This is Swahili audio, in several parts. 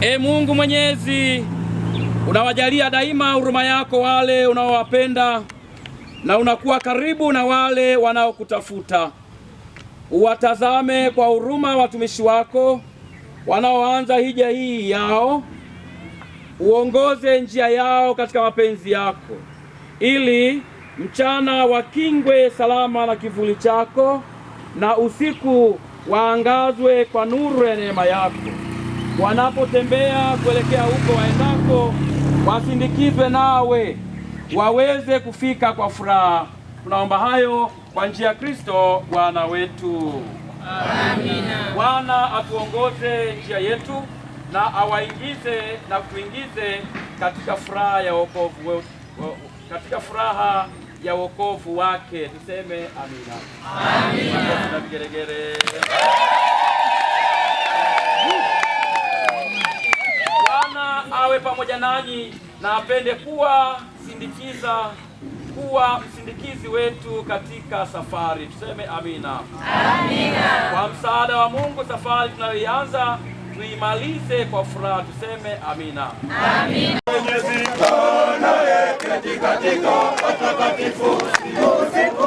E Mungu Mwenyezi, unawajalia daima huruma yako wale unaowapenda na unakuwa karibu na wale wanaokutafuta. Uwatazame kwa huruma watumishi wako wanaoanza hija hii yao, uongoze njia yao katika mapenzi yako, ili mchana wakingwe salama na kivuli chako, na usiku waangazwe kwa nuru ya neema yako wanapotembea kuelekea huko waendako, wasindikizwe nawe waweze kufika kwa furaha. Tunaomba hayo kwa njia ya Kristo Bwana wetu. Amina. Bwana atuongoze njia yetu na awaingize na kuingize katika furaha ya wokovu katika furaha ya wokovu wake. Tuseme amina. Amina. Amina. Amina. awe pamoja nanyi na apende kuwa sindikiza kuwa msindikizi wetu katika safari. Tuseme amina, amina. Kwa msaada wa Mungu, safari tunayoianza tuimalize kwa furaha. Tuseme amina, amina. Katika usiku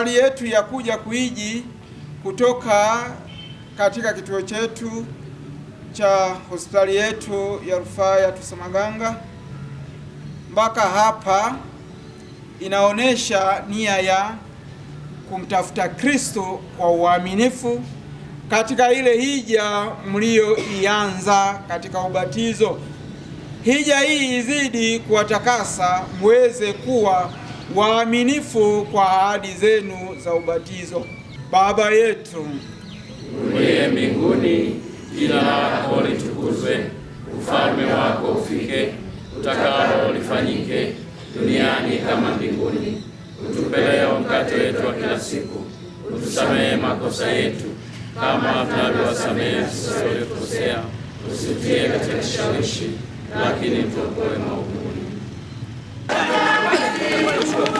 safari yetu ya kuja kuiji kutoka katika kituo chetu cha hospitali yetu ya rufaa ya Tosamaganga mpaka hapa inaonyesha nia ya kumtafuta Kristo kwa uaminifu katika ile hija mlioianza katika ubatizo. Hija hii izidi kuwatakasa mweze kuwa waaminifu kwa ahadi zenu za ubatizo. Baba yetu uliye mbinguni, jina lako litukuzwe, ufalme wako ufike, utakalo lifanyike duniani kama mbinguni. Utupe leo mkate wetu wa kila siku, utusamehe makosa yetu kama tunavyowasamehe sisi waliotukosea, usitie katika kishawishi, lakini tuokoe maovuni. Let's go.